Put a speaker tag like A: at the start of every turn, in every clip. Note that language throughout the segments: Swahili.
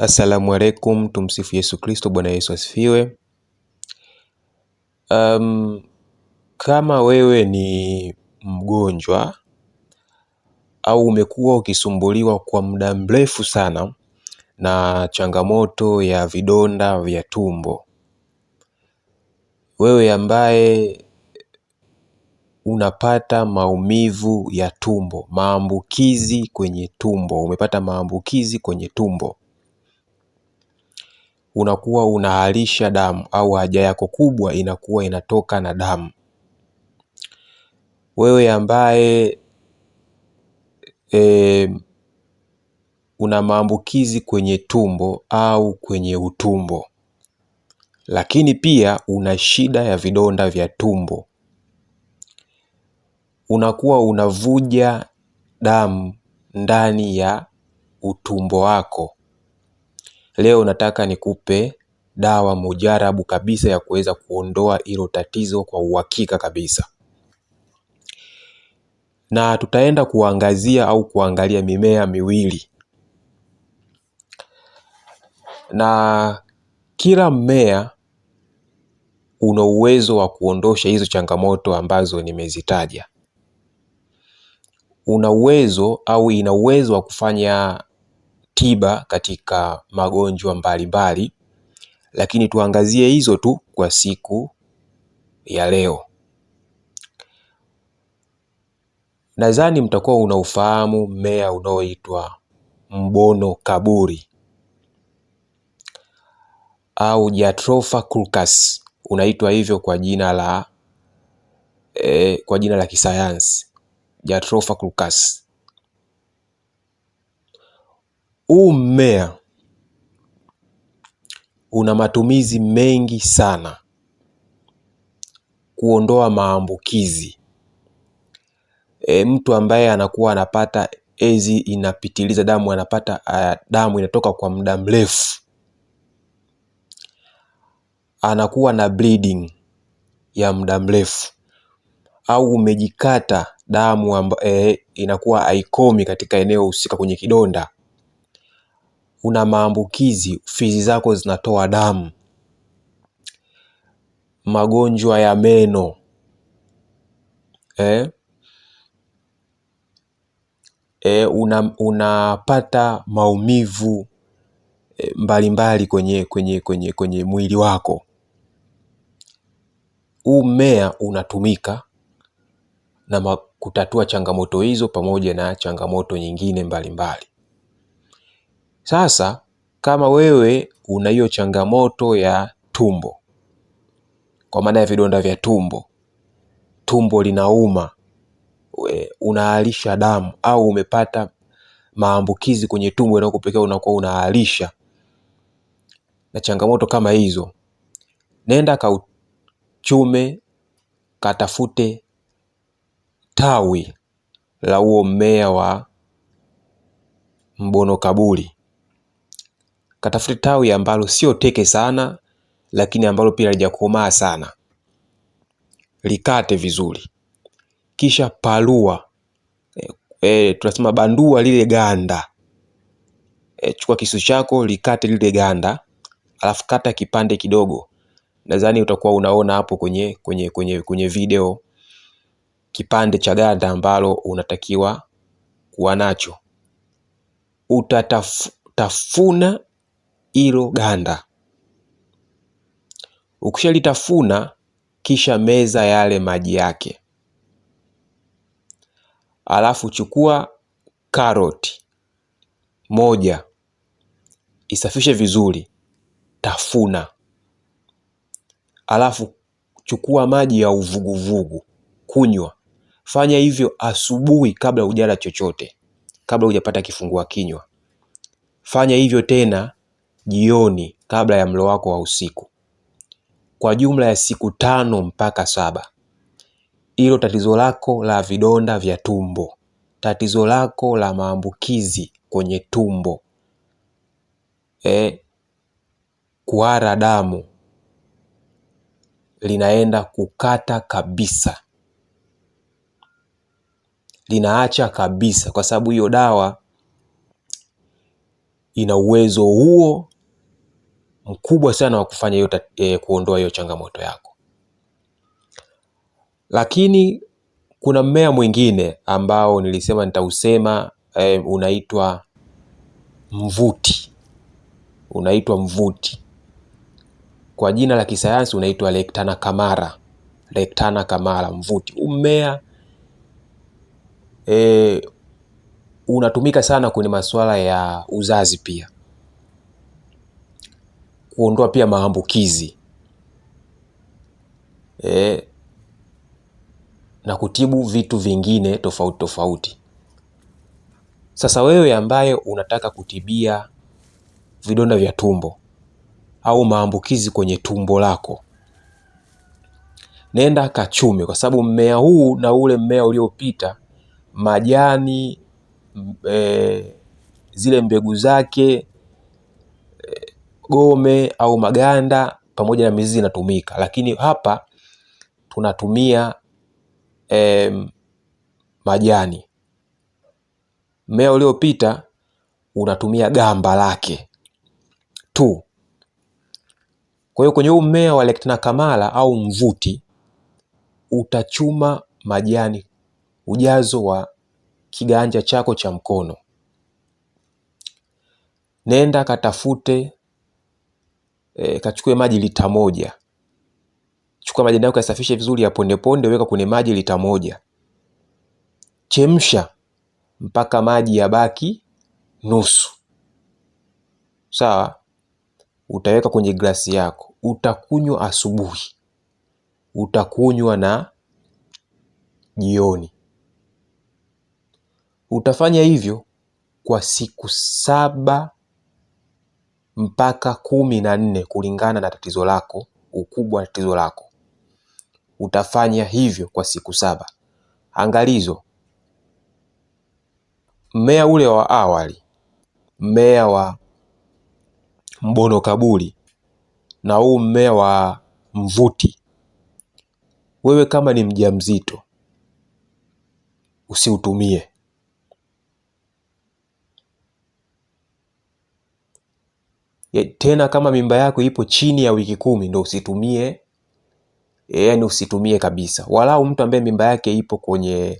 A: Assalamu alaikum, tumsifu Yesu Kristo. Bwana Yesu asifiwe. Um, kama wewe ni mgonjwa au umekuwa ukisumbuliwa kwa muda mrefu sana na changamoto ya vidonda vya tumbo, wewe ambaye unapata maumivu ya tumbo, maambukizi kwenye tumbo, umepata maambukizi kwenye tumbo unakuwa unaharisha damu au haja yako kubwa inakuwa inatoka na damu. Wewe ambaye e, una maambukizi kwenye tumbo au kwenye utumbo, lakini pia una shida ya vidonda vya tumbo, unakuwa unavuja damu ndani ya utumbo wako Leo nataka nikupe dawa mujarabu kabisa ya kuweza kuondoa hilo tatizo kwa uhakika kabisa. Na tutaenda kuangazia au kuangalia mimea miwili, na kila mmea una uwezo wa kuondosha hizo changamoto ambazo nimezitaja. Una uwezo au ina uwezo wa kufanya tiba katika magonjwa mbalimbali, lakini tuangazie hizo tu kwa siku ya leo. Nadhani mtakuwa unaufahamu mmea unaoitwa mbono kaburi au Jatropha curcas unaitwa hivyo kwa jina la, eh, kwa jina la kisayansi Jatropha curcas. Huu mmea una matumizi mengi sana kuondoa maambukizi. E, mtu ambaye anakuwa anapata ezi inapitiliza damu anapata uh, damu inatoka kwa muda mrefu, anakuwa na bleeding ya muda mrefu, au umejikata damu amba, e, inakuwa haikomi katika eneo husika kwenye kidonda una maambukizi, fizi zako zinatoa damu. Magonjwa ya meno eh? E, una, unapata maumivu eh, mbalimbali eh, mbali kwenye, kwenye, kwenye, kwenye mwili wako. Huu mmea unatumika na kutatua changamoto hizo pamoja na changamoto nyingine mbalimbali mbali. Sasa kama wewe una hiyo changamoto ya tumbo, kwa maana ya vidonda vya tumbo, tumbo linauma, unaalisha damu au umepata maambukizi kwenye tumbo yanayokupelekea unakuwa unaalisha na changamoto kama hizo, nenda kauchume, katafute tawi la huo mmea wa mbono kaburi katafute tawi ambalo sio teke sana, lakini ambalo pia halijakomaa sana, likate vizuri, kisha palua e, e, tunasema bandua lile ganda e, chukua kisu chako likate lile ganda, alafu kata kipande kidogo. Nadhani utakuwa unaona hapo kwenye, kwenye, kwenye, kwenye video kipande cha ganda ambalo unatakiwa kuwa nacho. Utatafuna hilo ganda. Ukishalitafuna kisha meza yale maji yake, alafu chukua karoti moja, isafishe vizuri, tafuna, alafu chukua maji ya uvuguvugu kunywa. Fanya hivyo asubuhi kabla hujala chochote, kabla hujapata kifungua kinywa. Fanya hivyo tena jioni kabla ya mlo wako wa usiku kwa jumla ya siku tano mpaka saba. Hilo tatizo lako la vidonda vya tumbo, tatizo lako la maambukizi kwenye tumbo e, kuhara damu linaenda kukata kabisa, linaacha kabisa, kwa sababu hiyo dawa ina uwezo huo mkubwa sana wa kufanya hiyo e, kuondoa hiyo changamoto yako. Lakini kuna mmea mwingine ambao nilisema nitausema, e, unaitwa mvuti, unaitwa mvuti kwa jina la kisayansi unaitwa Lectana camara, Lectana camara mvuti. mmea e, unatumika sana kwenye masuala ya uzazi pia kuondoa pia maambukizi e, na kutibu vitu vingine tofauti tofauti. Sasa wewe ambaye unataka kutibia vidonda vya tumbo au maambukizi kwenye tumbo lako, nenda kachume, kwa sababu mmea huu na ule mmea uliopita majani e, zile mbegu zake gome au maganda pamoja na mizizi inatumika, lakini hapa tunatumia eh, majani. Mmea uliopita unatumia gamba lake tu. Kwa hiyo kwenye huu mmea wa Lectina camara au mvuti utachuma majani ujazo wa kiganja chako cha mkono. Nenda katafute e, kachukue maji lita moja. Chukua majani yako yasafishe vizuri, ya ponde, weka kwenye maji lita moja, chemsha mpaka maji yabaki nusu. Sawa, utaweka kwenye glasi yako, utakunywa asubuhi, utakunywa na jioni. Utafanya hivyo kwa siku saba mpaka kumi na nne kulingana na tatizo lako, ukubwa wa tatizo lako. Utafanya hivyo kwa siku saba. Angalizo: mmea ule wa awali, mmea wa mbono kaburi na huu mmea wa mvuti, wewe kama ni mjamzito usiutumie. Tena kama mimba yako ipo chini ya wiki kumi ndo usitumie, eh, yani usitumie kabisa. Walau mtu ambaye mimba yake ipo kwenye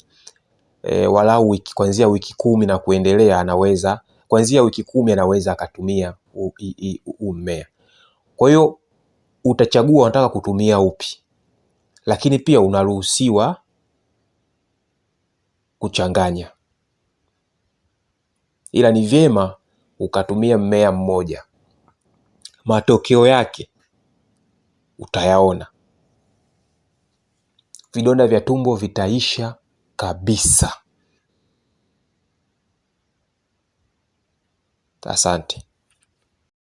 A: e, walau wiki, kuanzia wiki kumi na kuendelea anaweza kuanzia wiki kumi anaweza akatumia huu mmea. Kwa hiyo utachagua unataka kutumia upi, lakini pia unaruhusiwa kuchanganya, ila ni vyema ukatumia mmea mmoja matokeo yake utayaona. Vidonda vya tumbo vitaisha kabisa. Asante.